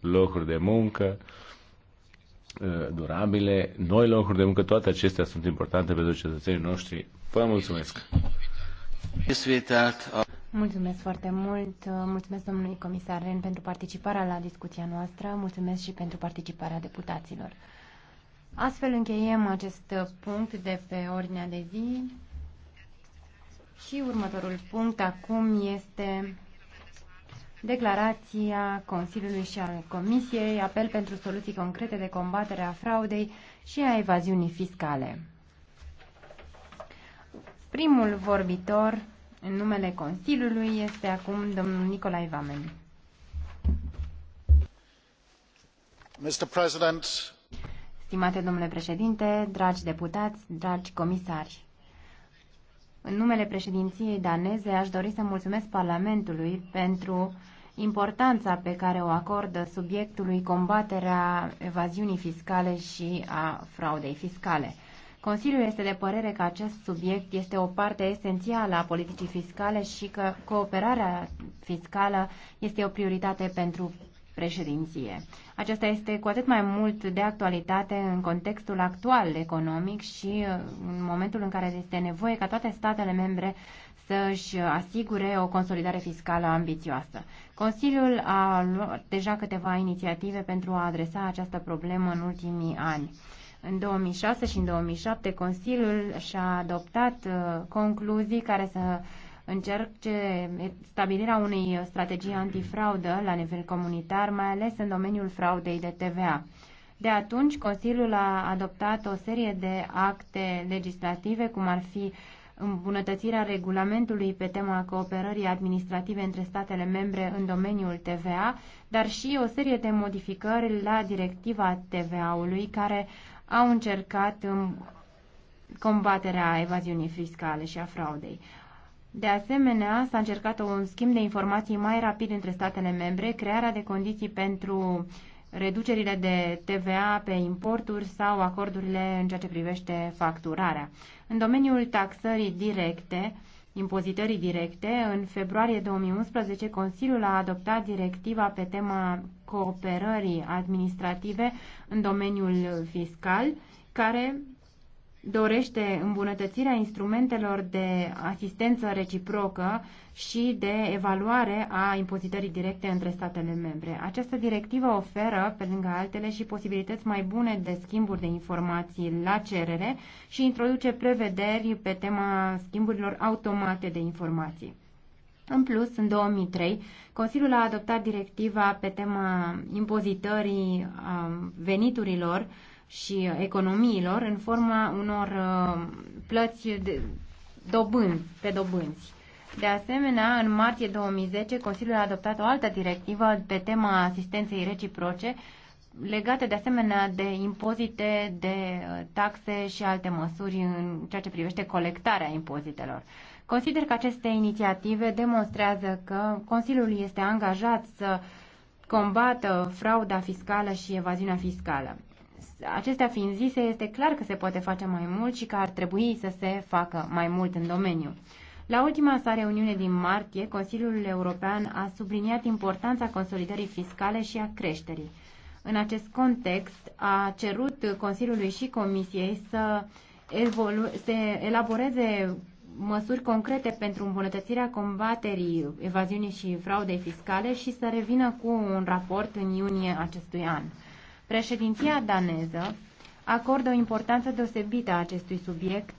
locuri de muncă uh, durabile, noi locuri de muncă, toate acestea sunt importante pentru cetățenii noștri. Vă mulțumesc! Mulțumesc foarte mult, mulțumesc domnului comisar Ren pentru participarea la discuția noastră, mulțumesc și pentru participarea deputaților. Astfel încheiem acest punct de pe ordinea de zi și următorul punct acum este declarația Consiliului și a Comisiei, apel pentru soluții concrete de combatere a fraudei și a evaziunii fiscale. Primul vorbitor în numele Consiliului este acum domnul Nicolae Vamen. Mr. President, Stimate domnule președinte, dragi deputați, dragi comisari, în numele președinției daneze aș dori să mulțumesc Parlamentului pentru importanța pe care o acordă subiectului combaterea evaziunii fiscale și a fraudei fiscale. Consiliul este de părere că acest subiect este o parte esențială a politicii fiscale și că cooperarea fiscală este o prioritate pentru președinție. Acesta este cu atât mai mult de actualitate în contextul actual economic și uh, în momentul în care este nevoie ca toate statele membre să-și asigure o consolidare fiscală ambițioasă. Consiliul a luat deja câteva inițiative pentru a adresa această problemă în ultimii ani. În 2006 și în 2007 Consiliul și-a adoptat uh, concluzii care să încerce stabilirea unei strategii antifraudă la nivel comunitar, mai ales în domeniul fraudei de TVA. De atunci, Consiliul a adoptat o serie de acte legislative, cum ar fi îmbunătățirea regulamentului pe tema cooperării administrative între statele membre în domeniul TVA, dar și o serie de modificări la directiva TVA-ului care au încercat combaterea evaziunii fiscale și a fraudei. De asemenea, s-a încercat un schimb de informații mai rapid între statele membre, crearea de condiții pentru reducerile de TVA pe importuri sau acordurile în ceea ce privește facturarea. În domeniul taxării directe, impozitării directe, în februarie 2011 Consiliul a adoptat directiva pe tema cooperării administrative în domeniul fiscal, care dorește îmbunătățirea instrumentelor de asistență reciprocă și de evaluare a impozitării directe între statele membre. Această directivă oferă, pe lângă altele, și posibilități mai bune de schimburi de informații la cerere și introduce prevederi pe tema schimburilor automate de informații. În plus, în 2003, Consiliul a adoptat directiva pe tema impozitării veniturilor și uh, economiilor în forma unor uh, plăți de dobânzi, pe dobânzi. De asemenea, în martie 2010, Consiliul a adoptat o altă directivă pe tema asistenței reciproce, legate de asemenea de impozite, de uh, taxe și alte măsuri în ceea ce privește colectarea impozitelor. Consider că aceste inițiative demonstrează că Consiliul este angajat să combată frauda fiscală și evaziunea fiscală acestea fiind zise, este clar că se poate face mai mult și că ar trebui să se facă mai mult în domeniu. La ultima sa reuniune din martie, Consiliul European a subliniat importanța consolidării fiscale și a creșterii. În acest context, a cerut Consiliului și Comisiei să, evolu- să elaboreze măsuri concrete pentru îmbunătățirea combaterii evaziunii și fraudei fiscale și să revină cu un raport în iunie acestui an. Președinția daneză acordă o importanță deosebită a acestui subiect,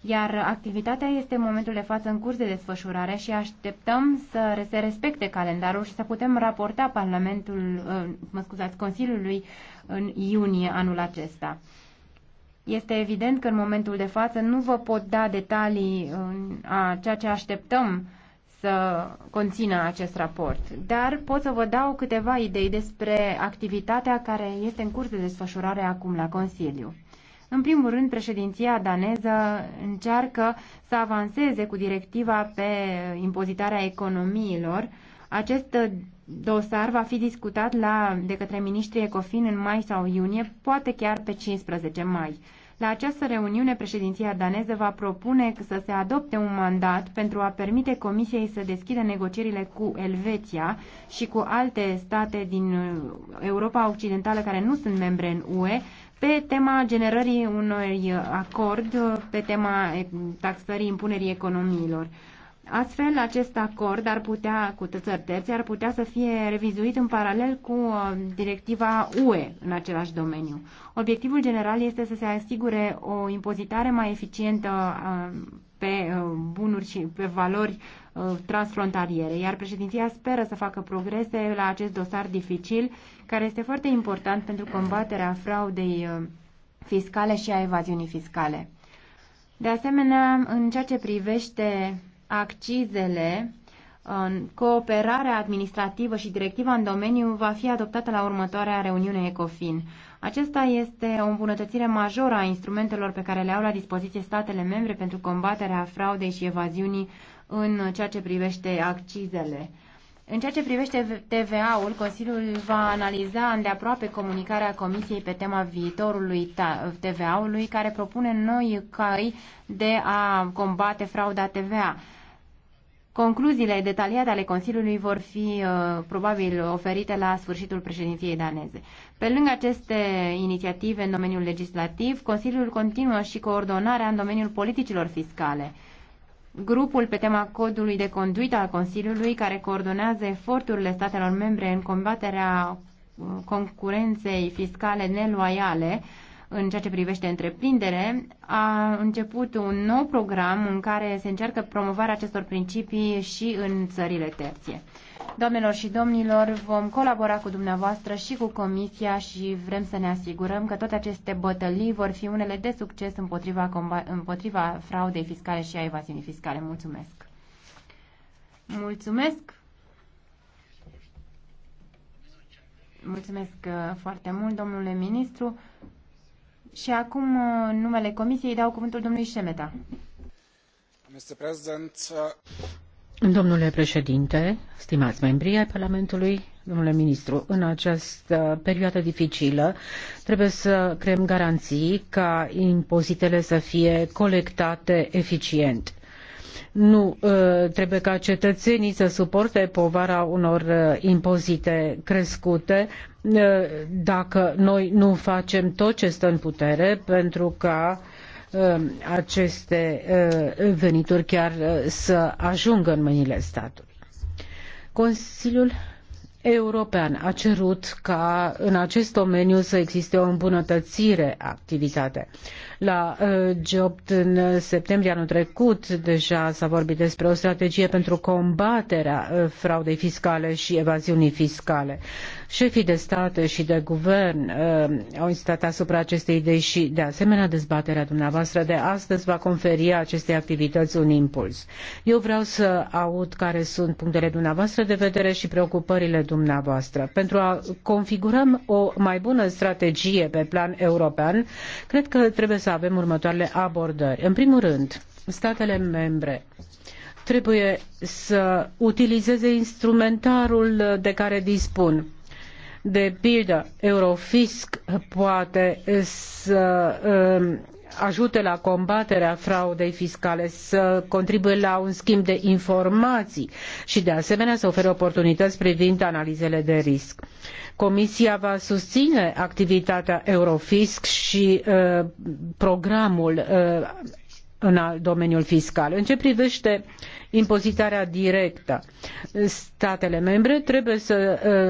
iar activitatea este în momentul de față în curs de desfășurare și așteptăm să se respecte calendarul și să putem raporta Parlamentul, uh, mă scuzați, Consiliului în iunie anul acesta. Este evident că în momentul de față nu vă pot da detalii a ceea ce așteptăm să conțină acest raport, dar pot să vă dau câteva idei despre activitatea care este în curs de desfășurare acum la Consiliu. În primul rând, președinția daneză încearcă să avanseze cu directiva pe impozitarea economiilor. Acest dosar va fi discutat la, de către ministrii Ecofin în mai sau iunie, poate chiar pe 15 mai. La această reuniune, președinția daneză va propune să se adopte un mandat pentru a permite Comisiei să deschidă negocierile cu Elveția și cu alte state din uh, Europa Occidentală care nu sunt membre în UE pe tema generării unui acord uh, pe tema eh, taxării impunerii economiilor. Astfel, acest acord ar putea, cu țări terțe, ar putea să fie revizuit în paralel cu uh, directiva UE în același domeniu. Obiectivul general este să se asigure o impozitare mai eficientă uh, pe uh, bunuri și pe valori transfrontaliere, iar președinția speră să facă progrese la acest dosar dificil, care este foarte important pentru combaterea fraudei fiscale și a evaziunii fiscale. De asemenea, în ceea ce privește accizele, cooperarea administrativă și directiva în domeniu va fi adoptată la următoarea reuniune ECOFIN. Acesta este o îmbunătățire majoră a instrumentelor pe care le au la dispoziție statele membre pentru combaterea fraudei și evaziunii în ceea ce privește accizele. În ceea ce privește TVA-ul, Consiliul va analiza îndeaproape comunicarea Comisiei pe tema viitorului TVA-ului, care propune noi căi de a combate frauda TVA. Concluziile detaliate ale Consiliului vor fi uh, probabil oferite la sfârșitul președinției daneze. Pe lângă aceste inițiative în domeniul legislativ, Consiliul continuă și coordonarea în domeniul politicilor fiscale. Grupul pe tema codului de conduită al Consiliului, care coordonează eforturile statelor membre în combaterea uh, concurenței fiscale neloiale, uh, în ceea ce privește întreprindere, a început un nou program în care se încearcă promovarea acestor principii și în țările terție. Doamnelor și domnilor, vom colabora cu dumneavoastră și cu Comisia și vrem să ne asigurăm că toate aceste bătălii vor fi unele de succes împotriva, împotriva fraudei fiscale și a evaziunii fiscale. Mulțumesc! Mulțumesc! Mulțumesc uh, foarte mult, domnule ministru. Și acum, uh, în numele Comisiei, dau cuvântul domnului Șemeta. Uh, domnule președinte, stimați membri ai Parlamentului, domnule ministru, în această perioadă dificilă trebuie să creăm garanții ca impozitele să fie colectate eficient nu uh, trebuie ca cetățenii să suporte povara unor impozite crescute dacă noi nu facem tot ce stă în putere pentru ca um, aceste uh, venituri chiar uh, să ajungă în mâinile statului. Consiliul European a cerut ca în acest domeniu să existe o îmbunătățire a activitate. La uh, G8 în septembrie anul trecut deja s-a vorbit despre o strategie pentru combaterea uh, fraudei fiscale și evaziunii fiscale. Șefii de state și de guvern uh, au insistat asupra acestei idei și de asemenea dezbaterea dumneavoastră de astăzi va conferi acestei activități un impuls. Eu vreau să aud care sunt punctele dumneavoastră de vedere și preocupările dumneavoastră. Pentru a configurăm o mai bună strategie pe plan european, cred că trebuie să avem următoarele abordări. În primul rând, statele membre trebuie să utilizeze instrumentarul de care dispun. De pildă, Eurofisc poate să um, ajute la combaterea fraudei fiscale, să contribuie la un schimb de informații și de asemenea să ofere oportunități privind analizele de risc. Comisia va susține activitatea Eurofisc și uh, programul uh, în domeniul fiscal. În ce privește impozitarea directă, statele membre trebuie să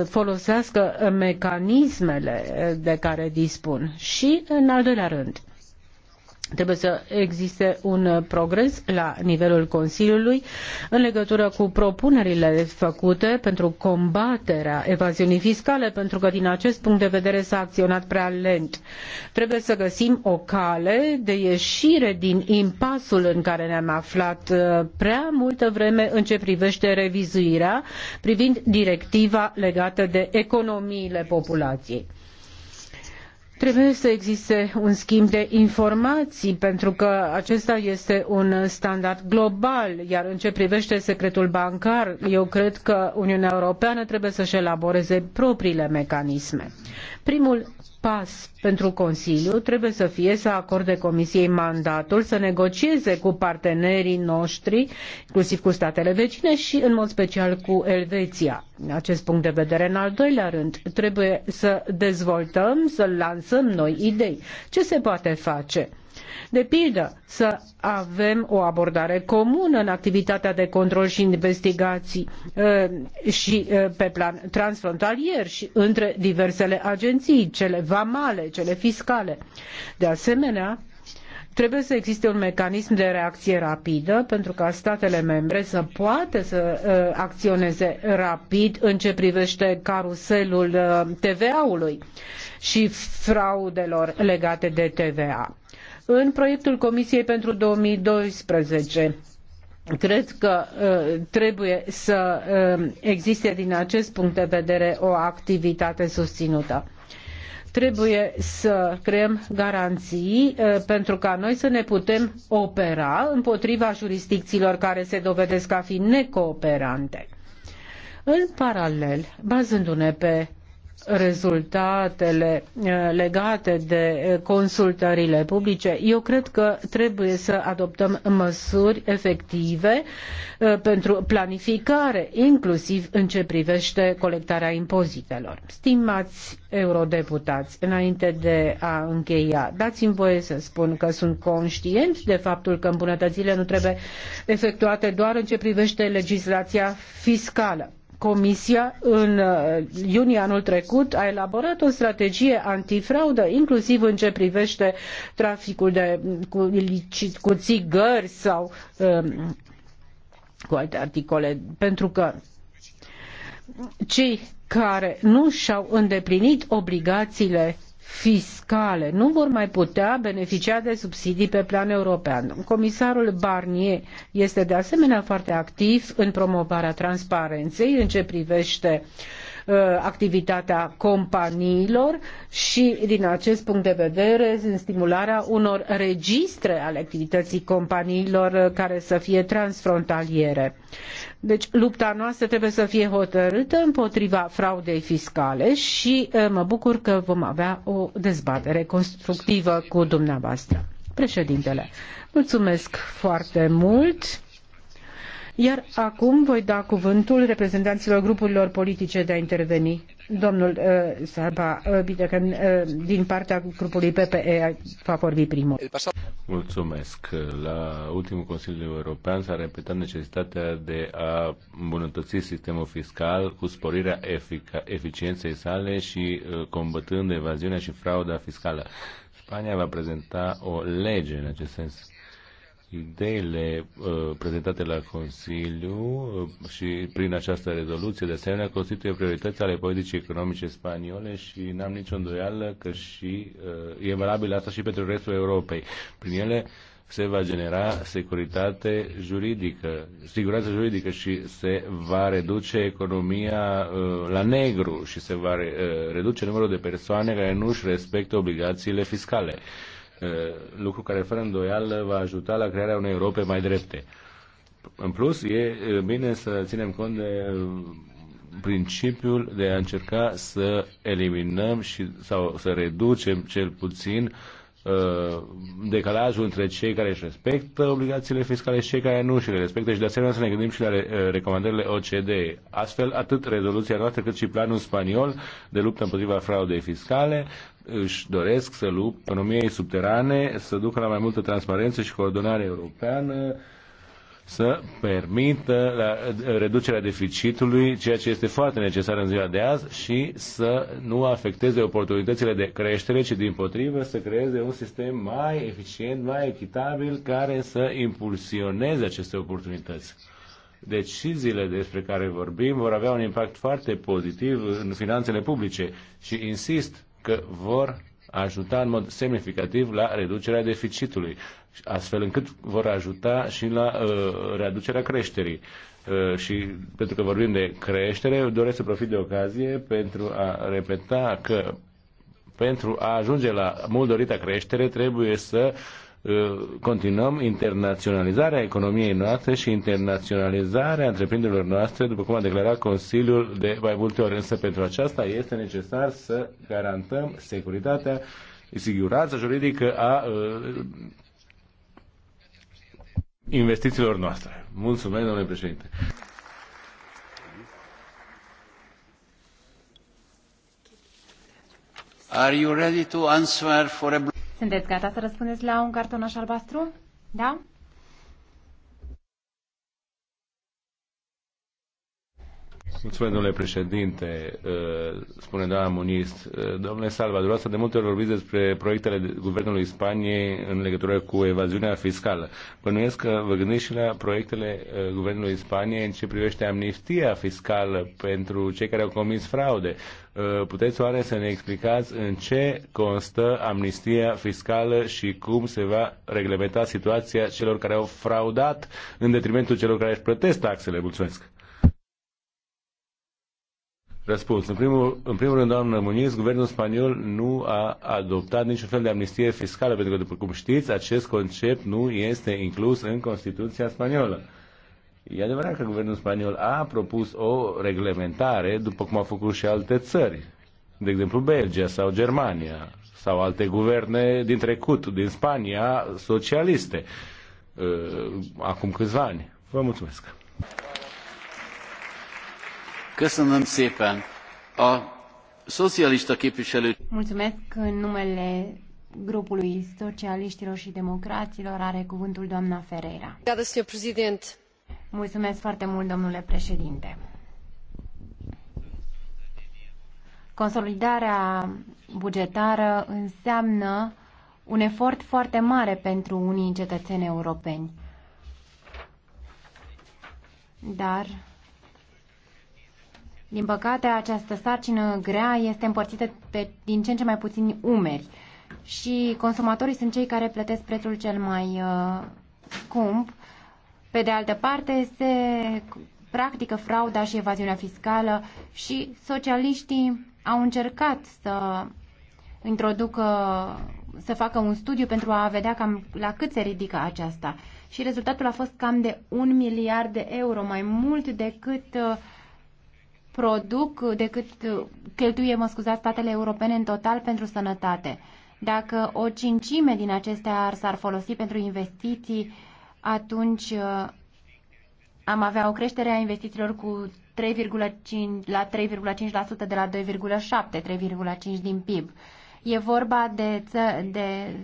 uh, folosească mecanismele uh, de care dispun și, în al doilea rând, Trebuie să existe un uh, progres la nivelul Consiliului în legătură cu propunerile făcute pentru combaterea evaziunii fiscale, pentru că din acest punct de vedere s-a acționat prea lent. Trebuie să găsim o cale de ieșire din impasul în care ne-am aflat uh, prea multă vreme în ce privește revizuirea privind directiva legată de economiile populației. Trebuie să existe un schimb de informații, pentru că acesta este un standard global, iar în ce privește secretul bancar, eu cred că Uniunea Europeană trebuie să-și elaboreze propriile mecanisme. Primul pas pentru Consiliu trebuie să fie să acorde Comisiei mandatul să negocieze cu partenerii noștri, inclusiv cu statele vecine și în mod special cu Elveția. Acest punct de vedere în al doilea rând trebuie să dezvoltăm, să lansăm noi idei. Ce se poate face? De pildă, să avem o abordare comună în activitatea de control și investigații uh, și uh, pe plan transfrontalier și între diversele agenții, cele vamale, cele fiscale. De asemenea, trebuie să existe un mecanism de reacție rapidă pentru ca statele membre să poată să uh, acționeze rapid în ce privește caruselul TVA-ului și fraudelor legate de TVA. În proiectul Comisiei pentru 2012 cred că uh, trebuie să uh, existe din acest punct de vedere o activitate susținută trebuie să creăm garanții uh, pentru ca noi să ne putem opera împotriva jurisdicțiilor care se dovedesc a fi necooperante. În paralel, bazându-ne pe rezultatele eh, legate de eh, consultările publice, eu cred că trebuie să adoptăm măsuri efective eh, pentru planificare, inclusiv în ce privește colectarea impozitelor. Stimați eurodeputați, înainte de a încheia, dați-mi voie să spun că sunt conștient de faptul că îmbunătățile nu trebuie efectuate doar în ce privește legislația fiscală Comisia în uh, iunie anul trecut a elaborat o strategie antifraudă, inclusiv în ce privește traficul de, cu, cu țigări sau um, cu alte articole, pentru că cei care nu și-au îndeplinit obligațiile fiscale nu vor mai putea beneficia de subsidii pe plan european. Comisarul Barnier este de asemenea foarte activ în promovarea transparenței în ce privește uh, Uh, activitatea companiilor și din acest punct de vedere în stimularea unor registre ale activității companiilor uh, care să fie transfrontaliere. Deci lupta noastră trebuie să fie hotărâtă împotriva fraudei fiscale și uh, mă bucur că vom avea o dezbatere constructivă cu dumneavoastră. Președintele, mulțumesc foarte mult. Iar acum voi da cuvântul reprezentanților grupurilor politice de a interveni. Domnul uh, Saba uh, că, uh, din partea grupului PPE, va vorbi primul. Mulțumesc. La ultimul Consiliu European s-a repetat necesitatea de a îmbunătăți sistemul fiscal cu sporirea efic- eficienței sale și uh, combătând evaziunea și frauda fiscală. Spania va prezenta o lege în acest sens ideile uh, prezentate la Consiliu uh, și prin această rezoluție, de asemenea, constituie priorități ale politicii economice spaniole și n-am nicio îndoială că și uh, e valabil asta și pentru restul Europei. Prin ele se va genera securitate juridică, siguranță juridică și se va reduce economia uh, la negru și se va re, uh, reduce numărul de persoane care nu își respectă obligațiile fiscale. Uh, Uh, lucru care fără îndoială va ajuta la crearea unei Europe mai drepte. În plus, e uh, bine să ținem cont de uh, principiul de a încerca să eliminăm și, sau să reducem cel puțin decalajul între cei care își respectă obligațiile fiscale și cei care nu și le respectă și de asemenea să ne gândim și la recomandările OCD. Astfel, atât rezoluția noastră cât și planul spaniol de luptă împotriva fraudei fiscale își doresc să lupte economiei subterane, să ducă la mai multă transparență și coordonare europeană, să permită la reducerea deficitului, ceea ce este foarte necesar în ziua de azi, și să nu afecteze oportunitățile de creștere, ci din potrivă să creeze un sistem mai eficient, mai echitabil, care să impulsioneze aceste oportunități. Deciziile despre care vorbim vor avea un impact foarte pozitiv în finanțele publice și insist că vor ajuta în mod semnificativ la reducerea deficitului, astfel încât vor ajuta și la uh, reducerea creșterii. Uh, și pentru că vorbim de creștere, doresc să profit de ocazie pentru a repeta că pentru a ajunge la mult dorita creștere trebuie să uh, continuăm internaționalizarea economiei noastre și internaționalizarea întreprinderilor noastre, după cum a declarat Consiliul de mai multe ori. Însă pentru aceasta este necesar să garantăm securitatea, siguranța juridică a uh, investițiilor noastre. Mulțumesc, domnule președinte. Are you ready to answer for a sunteți gata să răspundeți la un cartonaș albastru? Da? Mulțumesc, domnule președinte, uh, spune doamna Munist. Uh, domnule Salva, dumneavoastră de multe ori vorbiți despre proiectele Guvernului Spaniei în legătură cu evaziunea fiscală. Bănuiesc că vă gândiți și la proiectele uh, Guvernului Spaniei în ce privește amnistia fiscală pentru cei care au comis fraude. Uh, puteți oare să ne explicați în ce constă amnistia fiscală și cum se va reglementa situația celor care au fraudat în detrimentul celor care își plătesc taxele? Mulțumesc! Răspuns. În primul, în primul rând, doamnă Muniz, guvernul spaniol nu a adoptat niciun fel de amnistie fiscală, pentru că, după cum știți, acest concept nu este inclus în Constituția spaniolă. E adevărat că guvernul spaniol a propus o reglementare, după cum au făcut și alte țări, de exemplu Belgia sau Germania sau alte guverne din trecut, din Spania, socialiste, uh, acum câțiva ani. Vă mulțumesc! Köszönöm szépen! A szocialista képviselő... Mulțumesc în numele grupului socialiștilor și democraților are cuvântul doamna Ferreira. Da, domnule președinte. Mulțumesc foarte mult, domnule președinte. Consolidarea bugetară înseamnă un efort foarte mare pentru unii cetățeni europeni. Dar, din păcate, această sarcină grea este împărțită pe din ce în ce mai puțini umeri și consumatorii sunt cei care plătesc prețul cel mai uh, scump pe de altă parte, se practică frauda și evaziunea fiscală și socialiștii au încercat să introducă, să facă un studiu pentru a vedea cam la cât se ridică aceasta. Și rezultatul a fost cam de un miliard de euro, mai mult decât uh, produc, decât uh, cheltuie, mă scuzați, statele europene în total pentru sănătate. Dacă o cincime din acestea s-ar folosi pentru investiții atunci uh, am avea o creștere a investițiilor cu 3,5 la 3,5% de la 2,7, 3,5 din PIB. E vorba de, de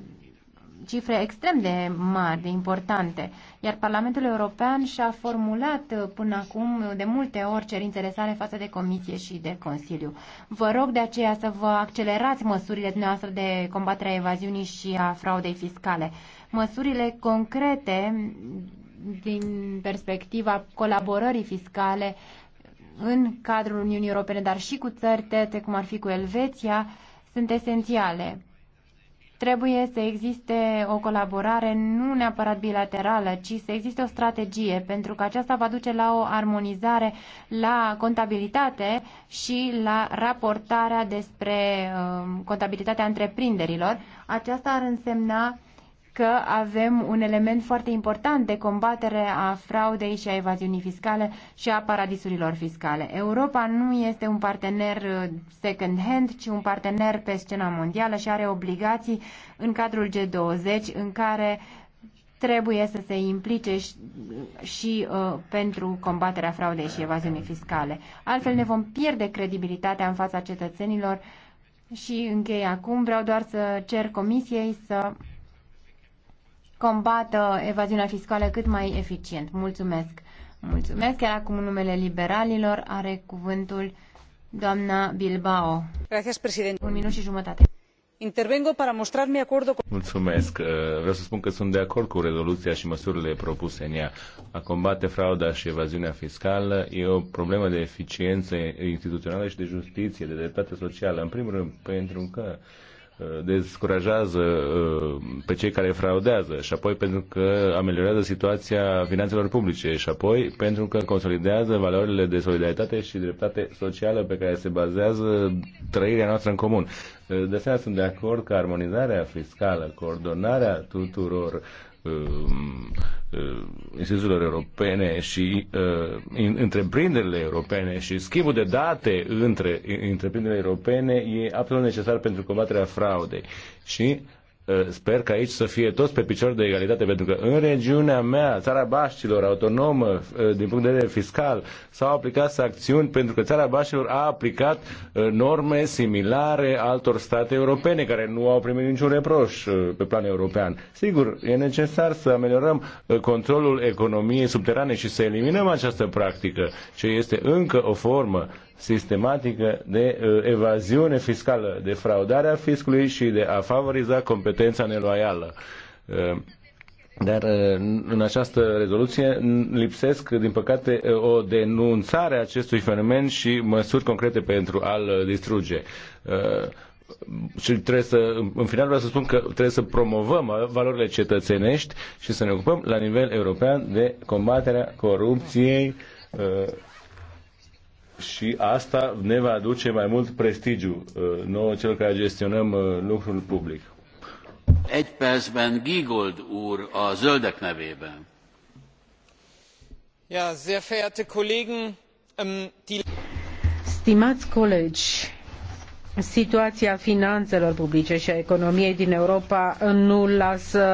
cifre extrem de mari, de importante, iar Parlamentul European și-a formulat uh, până acum uh, de multe ori cerințele sale față de Comisie și de Consiliu. Vă rog de aceea să vă accelerați măsurile dumneavoastră de combatere a evaziunii și a fraudei fiscale măsurile concrete din perspectiva colaborării fiscale în cadrul Uniunii Europene, dar și cu țări terțe, cum ar fi cu Elveția, sunt esențiale. Trebuie să existe o colaborare nu neapărat bilaterală, ci să existe o strategie, pentru că aceasta va duce la o armonizare, la contabilitate și la raportarea despre uh, contabilitatea întreprinderilor. Aceasta ar însemna că avem un element foarte important de combatere a fraudei și a evaziunii fiscale și a paradisurilor fiscale. Europa nu este un partener uh, second-hand, ci un partener pe scena mondială și are obligații în cadrul G20 în care trebuie să se implice și, și uh, pentru combaterea fraudei și evaziunii fiscale. Altfel ne vom pierde credibilitatea în fața cetățenilor și închei acum. Vreau doar să cer comisiei să combată evaziunea fiscală cât mai eficient. Mulțumesc! Mulțumesc! Chiar acum numele liberalilor are cuvântul doamna Bilbao. Gracias, președinte. Un minut și jumătate. Intervengo para mostrar mi acuerdo con... Mulțumesc. Uh, vreau să spun că sunt de acord cu rezoluția și măsurile propuse în ea. A combate frauda și evaziunea fiscală e o problemă de eficiență instituțională și de justiție, de dreptate socială. În primul rând, pentru că descurajează uh, pe cei care fraudează și apoi pentru că ameliorează situația finanțelor publice și apoi pentru că consolidează valorile de solidaritate și dreptate socială pe care se bazează trăirea noastră în comun. Uh, de asemenea, sunt de acord că armonizarea fiscală, coordonarea tuturor Uh, uh, instituțiilor europene și uh, întreprinderile europene și schimbul de date între întreprinderile europene e absolut necesar pentru combaterea fraudei. Și Eh, sper că aici să fie toți pe picior de egalitate, pentru că în regiunea mea, țara Baștilor, autonomă, eh, din punct de vedere fiscal, s-au aplicat sancțiuni pentru că țara Baștilor a aplicat eh, norme similare altor state europene care nu au primit niciun reproș pe plan european. Sigur, e necesar să ameliorăm controlul economiei subterane și să eliminăm această practică, ce este încă o formă sistematică de uh, evaziune fiscală, de fraudarea fiscului și de a favoriza competența neloială. Uh, dar uh, în această rezoluție lipsesc, din păcate, o denunțare a acestui fenomen și măsuri concrete pentru a-l distruge. Și trebuie să, în final vreau să spun că trebuie să promovăm valorile cetățenești și să ne ocupăm la nivel european de combaterea corupției și asta ne va aduce mai mult prestigiu uh, nouă cel care gestionăm uh, lucrul public. Egy percben Gigold úr a zöldek nevében. Ja, sehr verehrte Kollegen, ähm, die... Stimați colegi, situația finanțelor publice și a economiei din Europa nu lasă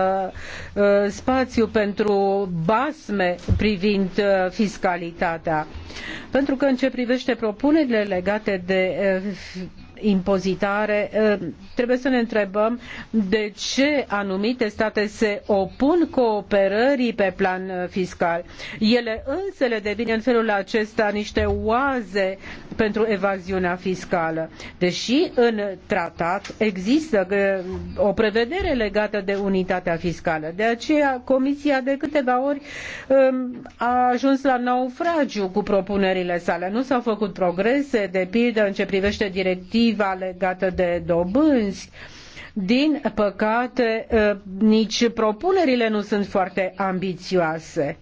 uh, spațiu pentru basme privind uh, fiscalitatea. Uh, pentru că în ce privește propunerile legate de eh, impozitare, ă, trebuie să ne întrebăm de ce anumite state se opun cooperării pe plan ă, fiscal. Ele însă le devin în felul acesta niște oaze pentru evaziunea fiscală, deși în tratat există ă, o prevedere legată de unitatea fiscală. De aceea Comisia de câteva ori a ajuns la naufragiu cu propunerile sale. Nu s-au făcut progrese, de pildă, în ce privește directiva directiva legată de dobânzi. Din păcate, ă, nici propunerile nu sunt foarte ambițioase.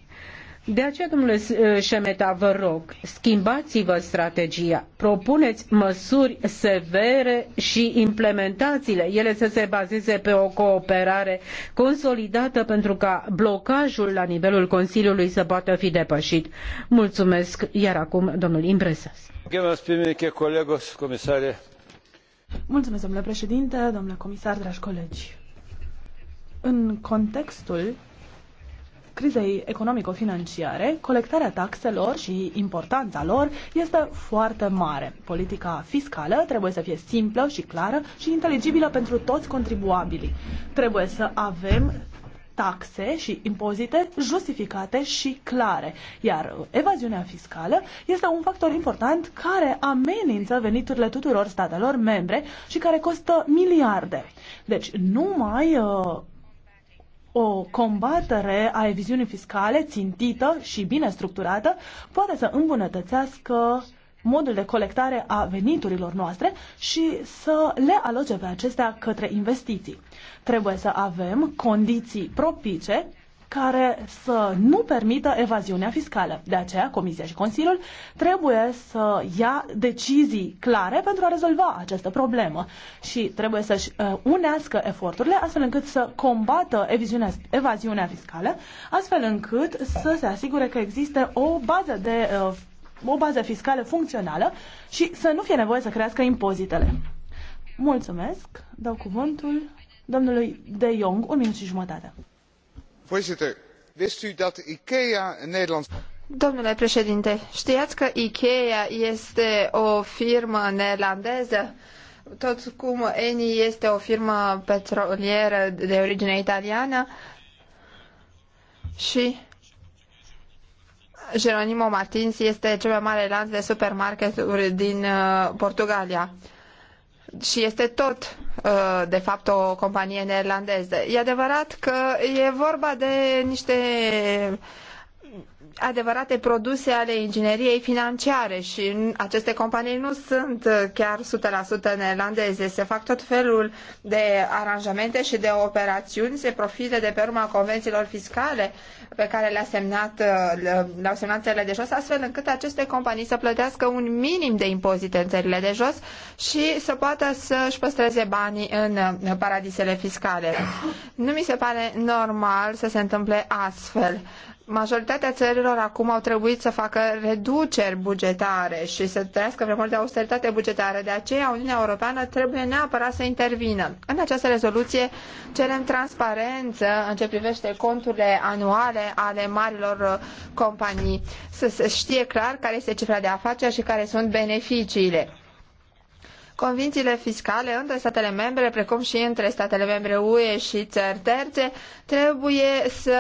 De aceea, domnule ă, Șemeta, vă rog, schimbați-vă strategia, propuneți măsuri severe și implementațiile. Ele să se bazeze pe o cooperare consolidată pentru ca blocajul la nivelul Consiliului să poată fi depășit. Mulțumesc, iar acum domnul Imbresas. Gerbiamas pirmininke, kolegos, komisarė, Mulțumesc, domnule președinte, domnule comisar, dragi colegi. În contextul crizei economico-financiare, colectarea taxelor și importanța lor este foarte mare. Politica fiscală trebuie să fie simplă și clară și inteligibilă pentru toți contribuabilii. Trebuie să avem taxe și impozite justificate și clare. Iar uh, evaziunea fiscală este un factor important care amenință veniturile tuturor statelor membre și care costă miliarde. Deci numai uh, o combatere a eviziunii fiscale țintită și bine structurată poate să îmbunătățească modul de colectare a veniturilor noastre și să le aloce pe acestea către investiții. Trebuie să avem condiții propice care să nu permită evaziunea fiscală. De aceea, Comisia și Consiliul trebuie să ia decizii clare pentru a rezolva această problemă și trebuie să-și uh, unească eforturile astfel încât să combată evaziunea fiscală, astfel încât să se asigure că există o bază de uh, o bază fiscală funcțională și să nu fie nevoie să crească impozitele. Mulțumesc. Dau cuvântul domnului De Jong, un minut și jumătate. Domnule președinte, știați că IKEA este o firmă neerlandeză? Tot cum Eni este o firmă petrolieră de origine italiană și Geronimo Martins este cel mai mare lanț de supermarketuri din uh, Portugalia și este tot, uh, de fapt, o companie neerlandeză. E adevărat că e vorba de niște adevărate produse ale ingineriei financiare și aceste companii nu sunt uh, chiar 100% neerlandeze. Se fac tot felul de aranjamente și de operațiuni, se profită de pe urma convențiilor fiscale pe care uh, le semnat, le-au semnat țările de jos, astfel încât aceste companii să plătească un minim de impozite în țările de jos și să poată să-și păstreze banii în uh, paradisele fiscale. Nu mi se pare normal să se întâmple astfel majoritatea țărilor acum au trebuit să facă reduceri bugetare și să trăiască vremuri de austeritate bugetară. De aceea, Uniunea Europeană trebuie neapărat să intervină. În această rezoluție cerem transparență în ce privește conturile anuale ale marilor companii, să se știe clar care este cifra de afaceri și care sunt beneficiile. Convințiile fiscale între statele membre, precum și între statele membre UE și țări terțe, trebuie să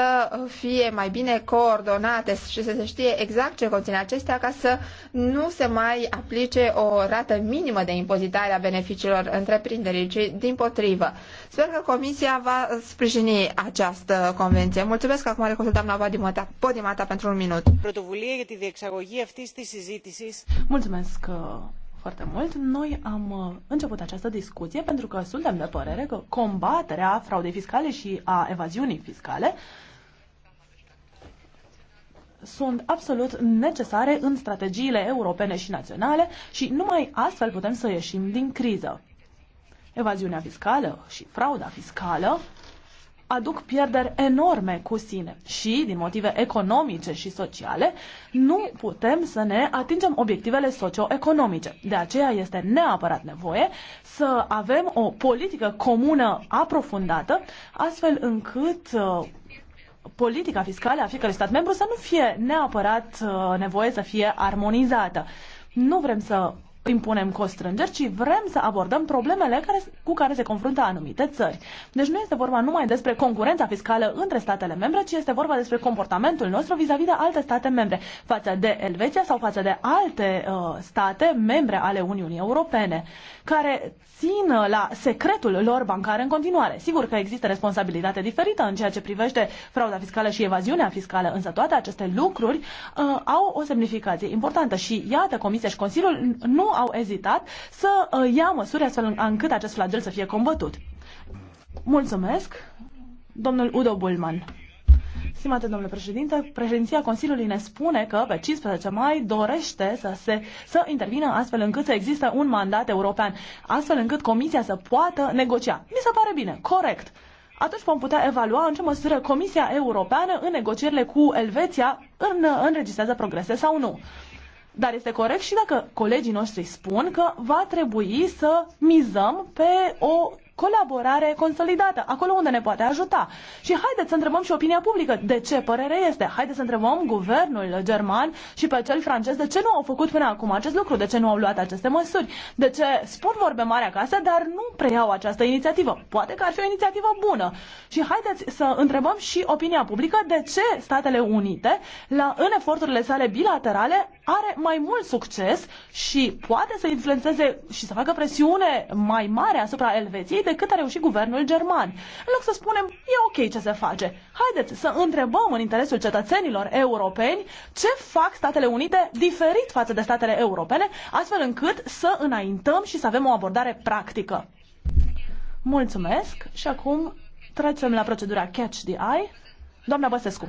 fie mai bine coordonate și să se știe exact ce conține acestea ca să nu se mai aplice o rată minimă de impozitare a beneficiilor întreprinderii, ci din potrivă. Sper că Comisia va sprijini această convenție. Mulțumesc acum are doamna Vadimata. Podimata pentru un minut. Mulțumesc foarte mult. Noi am uh, început această discuție pentru că suntem de părere că combaterea fraudei fiscale și a evaziunii fiscale sunt absolut necesare în strategiile europene și naționale și numai astfel putem să ieșim din criză. Evaziunea fiscală și frauda fiscală aduc pierderi enorme cu sine și, din motive economice și sociale, nu putem să ne atingem obiectivele socioeconomice. De aceea este neapărat nevoie să avem o politică comună aprofundată, astfel încât uh, politica fiscală a fiecărui stat membru să nu fie neapărat uh, nevoie să fie armonizată. Nu vrem să impunem constrângeri, ci vrem să abordăm problemele care, cu care se confruntă anumite țări. Deci nu este vorba numai despre concurența fiscală între statele membre, ci este vorba despre comportamentul nostru vis-a-vis -vis de alte state membre, față de Elveția sau față de alte uh, state membre ale Uniunii Europene, care țin uh, la secretul lor bancar în continuare. Sigur că există responsabilitate diferită în ceea ce privește frauda fiscală și evaziunea fiscală, însă toate aceste lucruri uh, au o semnificație importantă și iată Comisia și Consiliul nu au ezitat să uh, ia măsuri astfel încât acest flagel să fie combătut. Mulțumesc, domnul Udo Bulman. Stimate domnule președinte, președinția Consiliului ne spune că pe 15 mai dorește să, se, să intervină astfel încât să există un mandat european, astfel încât Comisia să poată negocia. Mi se pare bine, corect. Atunci vom putea evalua în ce măsură Comisia Europeană în negocierile cu Elveția în, înregistrează progrese sau nu. Dar este corect și dacă colegii noștri spun că va trebui să mizăm pe o colaborare consolidată, acolo unde ne poate ajuta. Și haideți să întrebăm și opinia publică de ce părere este. Haideți să întrebăm guvernul german și pe cel francez de ce nu au făcut până acum acest lucru, de ce nu au luat aceste măsuri, de ce spun vorbe mari acasă, dar nu preiau această inițiativă. Poate că ar fi o inițiativă bună. Și haideți să întrebăm și opinia publică de ce Statele Unite, la, în eforturile sale bilaterale, are mai mult succes și poate să influențeze și să facă presiune mai mare asupra Elveției cât a reușit guvernul german. În loc să spunem, e ok ce se face, haideți să întrebăm în interesul cetățenilor europeni ce fac Statele Unite diferit față de statele europene, astfel încât să înaintăm și să avem o abordare practică. Mulțumesc și acum trecem la procedura Catch the Eye. Doamna Băsescu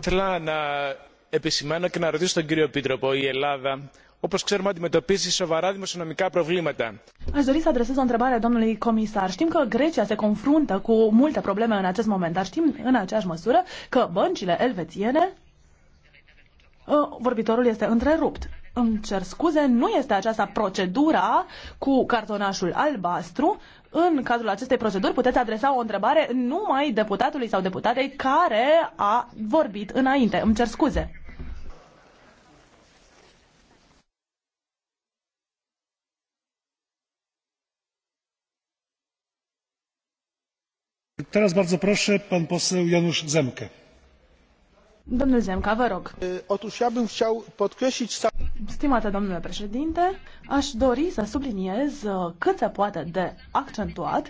Ήθελα να επισημάνω και να ρωτήσω τον κύριο Επίτροπο, η Ελλάδα, όπως ξέρουμε, αντιμετωπίζει σοβαρά δημοσιονομικά προβλήματα. Aș dori să adresez o întrebare domnului comisar. Știm că Grecia se confruntă cu multe probleme în acest moment, dar știm în aceeași măsură că băncile elvețiene... Ă, vorbitorul este întrerupt îmi cer scuze, nu este aceasta procedura cu cartonașul albastru în cazul acestei proceduri puteți adresa o întrebare numai deputatului sau deputatei care a vorbit înainte. Îmi cer scuze. Teraz bardzo proszę, pan poseł Janusz Zemke. Domnul Zemka, vă rog. Otóż ja bym chciał podkreślić... Stimate domnule președinte, aș dori să subliniez uh, cât se poate de accentuat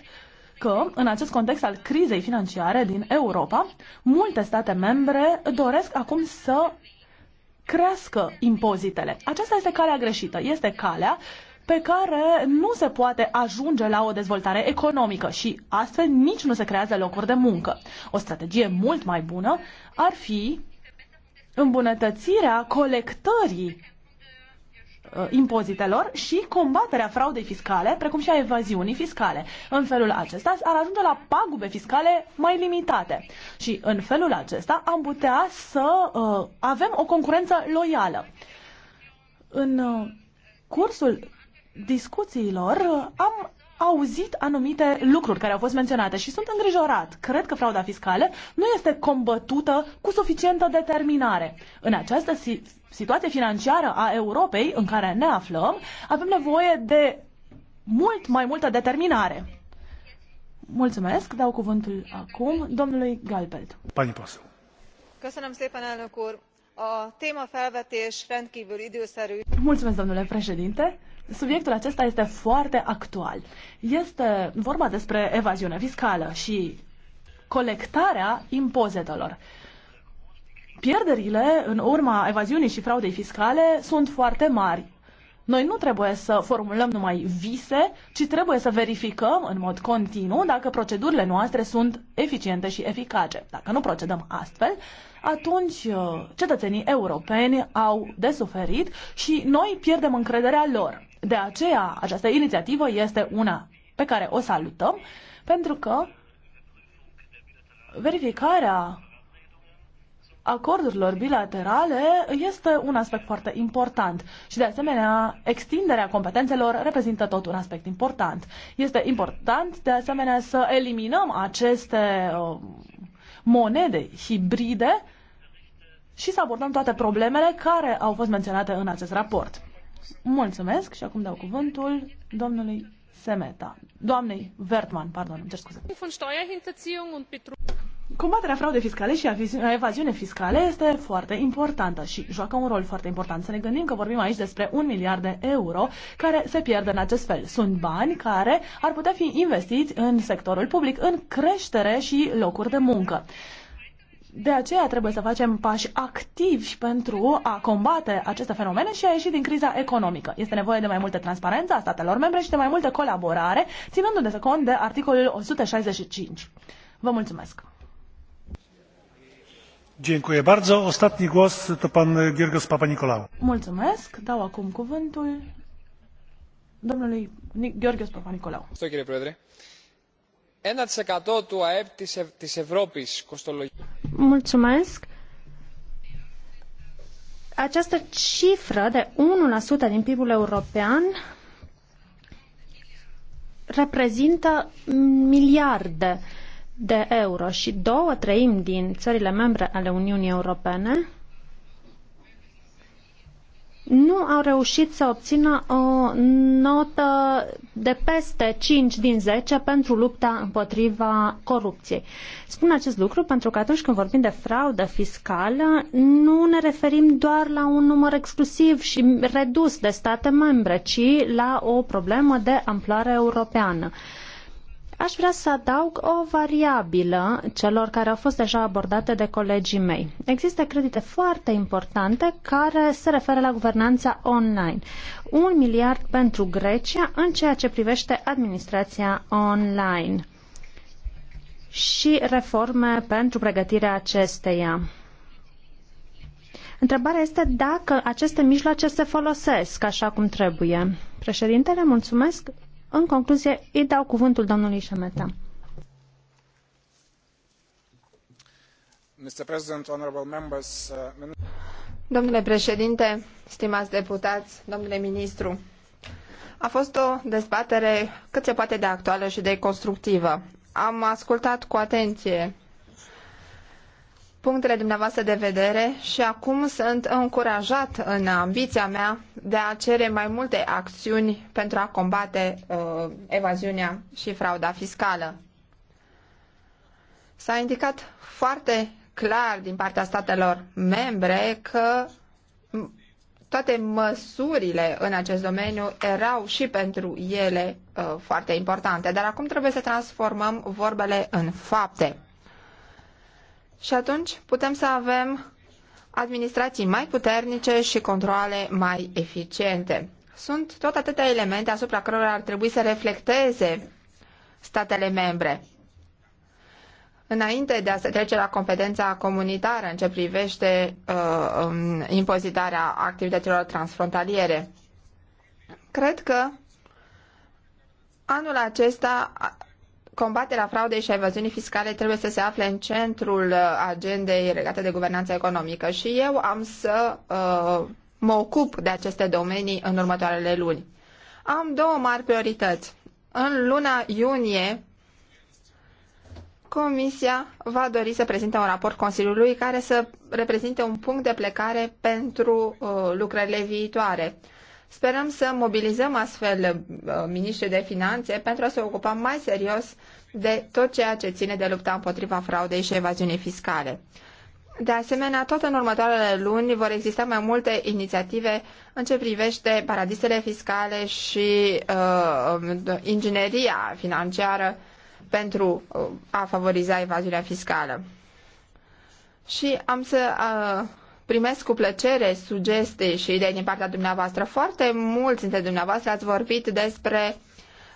că, în acest context al crizei financiare din Europa, multe state membre doresc acum să crească impozitele. Aceasta este calea greșită. Este calea pe care nu se poate ajunge la o dezvoltare economică și astfel nici nu se creează locuri de muncă. O strategie mult mai bună ar fi îmbunătățirea colectării Uh, impozitelor și combaterea fraudei fiscale, precum și a evaziunii fiscale. În felul acesta ar ajunge la pagube fiscale mai limitate. Și în felul acesta am putea să uh, avem o concurență loială. În uh, cursul discuțiilor uh, am auzit anumite lucruri care au fost menționate și sunt îngrijorat. Cred că frauda fiscală nu este combătută cu suficientă determinare. În această si- situație financiară a Europei în care ne aflăm, avem nevoie de mult mai multă determinare. Mulțumesc, dau cuvântul acum domnului Galpelt. Pani Pasu. Căsănăm, szépen, elnök úr! Tema témafelvetés rendkívül időszerű. Mulțumesc, domnule președinte! Subiectul acesta este foarte actual. Este vorba despre evaziune fiscală și colectarea impozetelor. Pierderile în urma evaziunii și fraudei fiscale sunt foarte mari. Noi nu trebuie să formulăm numai vise, ci trebuie să verificăm în mod continuu dacă procedurile noastre sunt eficiente și eficace. Dacă nu procedăm astfel, atunci uh, cetățenii europeni au de suferit și noi pierdem încrederea lor. De aceea, această inițiativă este una pe care o salutăm, pentru că verificarea acordurilor bilaterale este un aspect foarte important și, de asemenea, extinderea competențelor reprezintă tot un aspect important. Este important, de asemenea, să eliminăm aceste uh, monede hibride și să abordăm toate problemele care au fost menționate în acest raport. Mulțumesc și acum dau cuvântul domnului Semeta. Doamnei Vertman, pardon, îmi cer scuze. Combaterea fraudei fiscale și a evaziune fiscale este foarte importantă și joacă un rol foarte important. Să ne gândim că vorbim aici despre un miliard de euro care se pierde în acest fel. Sunt bani care ar putea fi investiți în sectorul public, în creștere și locuri de muncă. De aceea trebuie să facem pași activi pentru a combate aceste fenomene și a ieși din criza economică. Este nevoie de mai multă transparență a statelor membre și de mai multă colaborare, ținându-ne cont de articolul 165. Vă mulțumesc! Dziękuję bardzo. Ostatni głos to pan Giergos Nicolau. Mulțumesc. Dau acum cuvântul domnului Gheorghe Papanicolaou. Mulțumesc, Mulțumesc. Această cifră de 1% din PIB-ul european reprezintă miliarde de euro și două treimi din țările membre ale Uniunii Europene nu au reușit să obțină o notă de peste 5 din 10 pentru lupta împotriva corupției. Spun acest lucru pentru că atunci când vorbim de fraudă fiscală, nu ne referim doar la un număr exclusiv și redus de state membre, ci la o problemă de amploare europeană. Aș vrea să adaug o variabilă celor care au fost deja abordate de colegii mei. Există credite foarte importante care se referă la guvernanța online. Un miliard pentru Grecia în ceea ce privește administrația online și reforme pentru pregătirea acesteia. Întrebarea este dacă aceste mijloace se folosesc așa cum trebuie. Președintele, mulțumesc. În concluzie, îi dau cuvântul domnului Șemeta. Uh, domnule președinte, stimați deputați, domnule ministru, a fost o dezbatere cât se poate de actuală și de constructivă. Am ascultat cu atenție punctele dumneavoastră de vedere și acum sunt încurajat în ambiția mea de a cere mai multe acțiuni pentru a combate uh, evaziunea și frauda fiscală. S-a indicat foarte clar din partea statelor membre că toate măsurile în acest domeniu erau și pentru ele uh, foarte importante, dar acum trebuie să transformăm vorbele în fapte. Și atunci putem să avem administrații mai puternice și controle mai eficiente. Sunt tot atâtea elemente asupra cărora ar trebui să reflecteze statele membre. Înainte de a se trece la competența comunitară în ce privește uh, um, impozitarea activităților transfrontaliere, cred că anul acesta Combaterea fraudei și a evaziunii fiscale trebuie să se afle în centrul uh, agendei legate de guvernanța economică și eu am să uh, mă ocup de aceste domenii în următoarele luni. Am două mari priorități. În luna iunie, Comisia va dori să prezinte un raport Consiliului care să reprezinte un punct de plecare pentru uh, lucrările viitoare. Sperăm să mobilizăm astfel uh, miniștrii de finanțe pentru a se ocupa mai serios de tot ceea ce ține de lupta împotriva fraudei și evaziunii fiscale. De asemenea, tot în următoarele luni vor exista mai multe inițiative în ce privește paradisele fiscale și uh, ingineria financiară pentru uh, a favoriza evaziunea fiscală. Și am să uh, Primesc cu plăcere sugestii și idei din partea dumneavoastră. Foarte mulți dintre dumneavoastră ați vorbit despre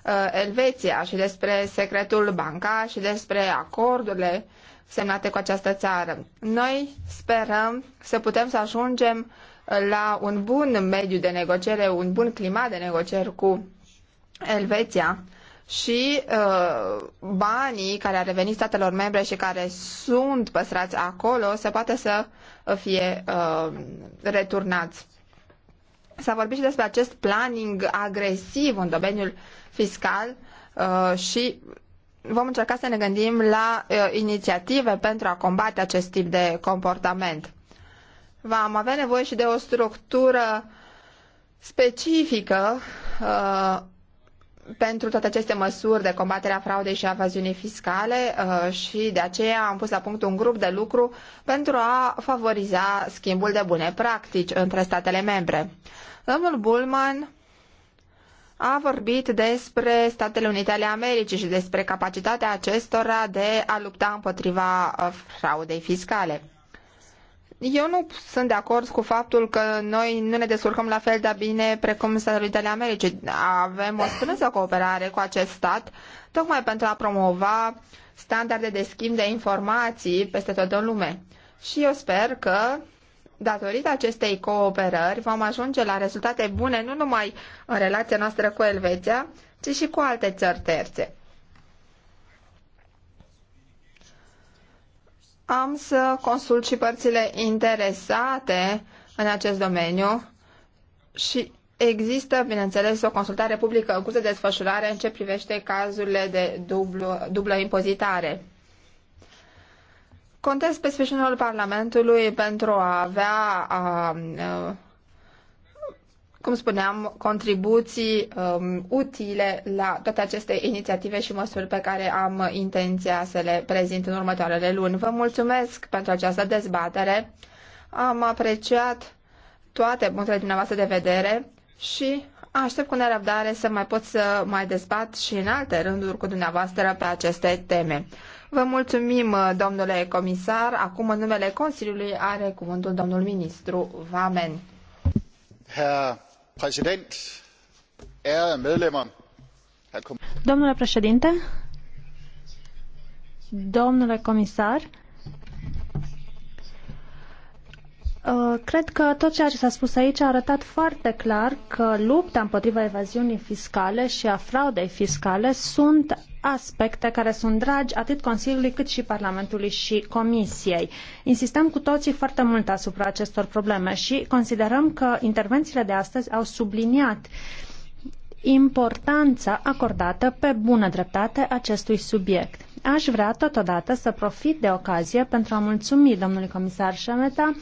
uh, Elveția și despre secretul banca și despre acordurile semnate cu această țară. Noi sperăm să putem să ajungem la un bun mediu de negociere, un bun climat de negocieri cu Elveția și uh, banii care ar reveni statelor membre și care sunt păstrați acolo se poate să fie uh, returnați. S-a vorbit și despre acest planning agresiv în domeniul fiscal uh, și vom încerca să ne gândim la uh, inițiative pentru a combate acest tip de comportament. Vom avea nevoie și de o structură specifică uh, pentru toate aceste măsuri de combatere a fraudei și a evaziunii fiscale uh, și de aceea am pus la punct un grup de lucru pentru a favoriza schimbul de bune practici între statele membre. Domnul Bullman a vorbit despre Statele Unite ale Americii și despre capacitatea acestora de a lupta împotriva uh, fraudei fiscale. Eu nu sunt de acord cu faptul că noi nu ne descurcăm la fel de bine precum Statele Unite ale Americii. Avem o strânsă cooperare cu acest stat, tocmai pentru a promova standarde de schimb de informații peste tot în lume. Și eu sper că, datorită acestei cooperări, vom ajunge la rezultate bune nu numai în relația noastră cu Elveția, ci și cu alte țări terțe. am să consult și părțile interesate în acest domeniu și există, bineînțeles, o consultare publică în curs de desfășurare în ce privește cazurile de dublu, dublă impozitare. Contez pe sprijinul Parlamentului pentru a avea a, a, cum spuneam, contribuții um, utile la toate aceste inițiative și măsuri pe care am intenția să le prezint în următoarele luni. Vă mulțumesc pentru această dezbatere. Am apreciat toate punctele dumneavoastră de vedere și aștept cu nerăbdare să mai pot să mai dezbat și în alte rânduri cu dumneavoastră pe aceste teme. Vă mulțumim, domnule comisar. Acum, în numele Consiliului, are cuvântul domnul ministru Vamen. Herr Domnule președinte, domnule comisar, Uh, cred că tot ceea ce s-a spus aici a arătat foarte clar că lupta împotriva evaziunii fiscale și a fraudei fiscale sunt aspecte care sunt dragi atât Consiliului cât și Parlamentului și Comisiei. Insistăm cu toții foarte mult asupra acestor probleme și considerăm că intervențiile de astăzi au subliniat importanța acordată pe bună dreptate acestui subiect. Aș vrea totodată să profit de ocazie pentru a mulțumi domnului comisar Șemeta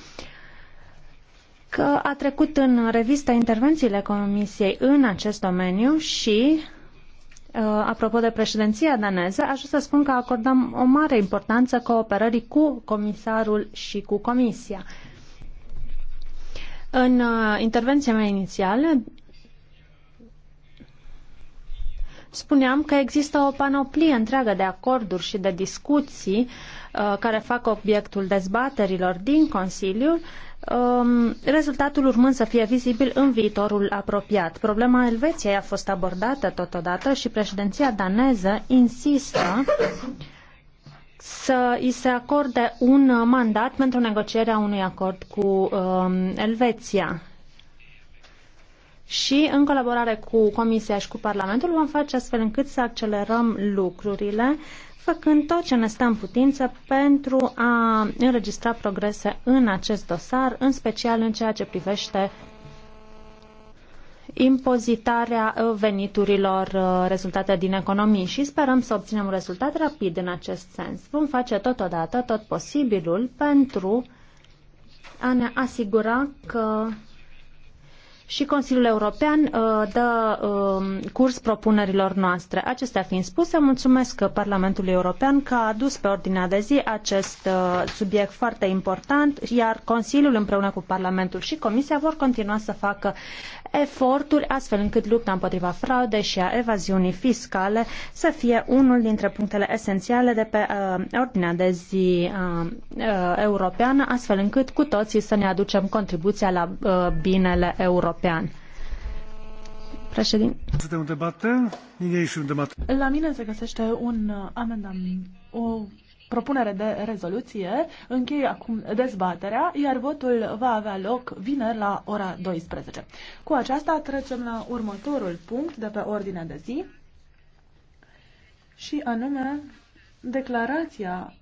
că a trecut în revista intervențiile Comisiei în acest domeniu și uh, apropo de președinția daneză, aș vrea să spun că acordăm o mare importanță cooperării cu comisarul și cu comisia. În uh, intervenția mea inițială spuneam că există o panoplie întreagă de acorduri și de discuții uh, care fac obiectul dezbaterilor din Consiliu Um, rezultatul urmând să fie vizibil în viitorul apropiat. Problema Elveției a fost abordată totodată și președinția daneză insistă să îi se acorde un mandat pentru negocierea unui acord cu um, Elveția și în colaborare cu Comisia și cu Parlamentul vom face astfel încât să accelerăm lucrurile, făcând tot ce ne stă în putință pentru a înregistra progrese în acest dosar, în special în ceea ce privește impozitarea veniturilor uh, rezultate din economii și sperăm să obținem un rezultat rapid în acest sens. Vom face totodată tot posibilul pentru a ne asigura că și Consiliul European uh, dă um, curs propunerilor noastre. Acestea fiind spuse, mulțumesc Parlamentului European că a adus pe ordinea de zi acest uh, subiect foarte important, iar Consiliul împreună cu Parlamentul și Comisia vor continua să facă eforturi astfel încât lupta împotriva fraudei și a evaziunii fiscale să fie unul dintre punctele esențiale de pe uh, ordinea de zi uh, uh, europeană, astfel încât cu toții să ne aducem contribuția la uh, binele european. Președinte. La mine se găsește un uh, amendament, o propunere de rezoluție. încheie acum dezbaterea, iar votul va avea loc vineri la ora 12. Cu aceasta trecem la următorul punct de pe ordinea de zi și anume declarația